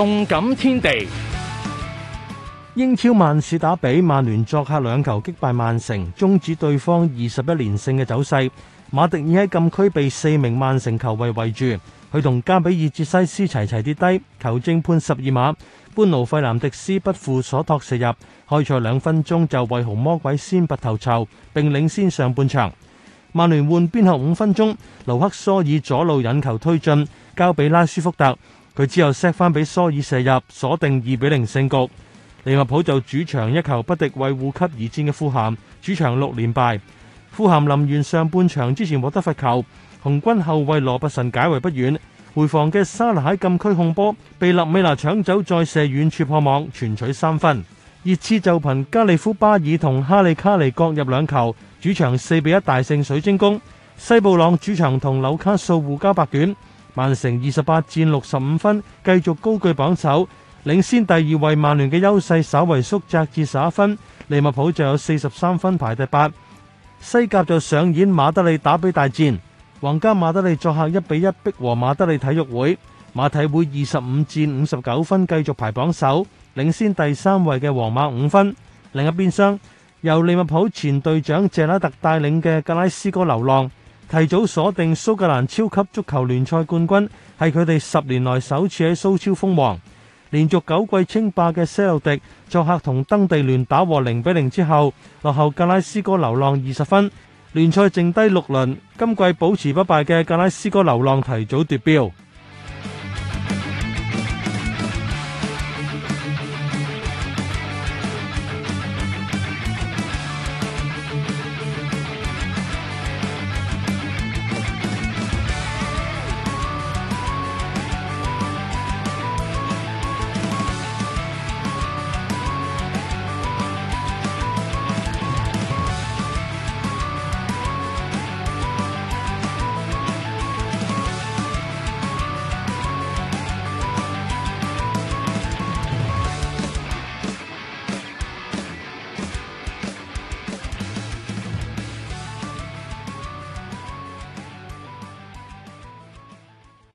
動感天地，英超曼市打比，曼聯作客兩球擊敗曼城，終止對方二十一連勝嘅走勢。馬迪爾喺禁區被四名曼城球衛圍住，佢同加比爾捷西斯齊齊跌低，球證判十二碼。班奴費南迪斯不負所託射入，開賽兩分鐘就為紅魔鬼先拔頭籌，並領先上半場。曼聯換邊後五分鐘，盧克索以左路引球推進，交俾拉舒福特。佢之後 set 翻俾蘇爾射入，鎖定二比零勝局。利物浦就主場一球不敵，為護級而戰嘅富咸主場六連敗。富咸臨完上半場之前獲得罰球，紅軍後衛羅伯神解圍不遠，回防嘅沙拿喺禁區控波被納美娜搶走再射遠處破網，全取三分。熱刺就憑加利夫巴爾同哈利卡尼各入兩球，主場四比一大勝水晶宮。西布朗主場同紐卡素互交白卷。曼城二十八戰六十五分，繼續高居榜首，領先第二位曼聯嘅優勢稍為縮窄至十一分。利物浦就有四十三分排第八。西甲就上演馬德里打比大戰，皇家馬德里作客一比一逼和馬德里體育會。馬體會二十五戰五十九分，繼續排榜首，領先第三位嘅皇馬五分。另一邊廂，由利物浦前隊長謝拉特帶領嘅格拉斯哥流浪。提早鎖定蘇格蘭超級足球聯賽冠軍，係佢哋十年來首次喺蘇超封王。連續九季稱霸嘅些路迪作客同登地聯打和零比零之後，落後格拉斯哥流浪二十分，聯賽剩低六輪，今季保持不敗嘅格拉斯哥流浪提早奪標。